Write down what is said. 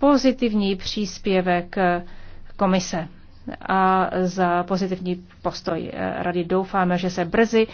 pozitivní příspěvek komise a za pozitivní postoj eh, rady. Doufáme, že se brzy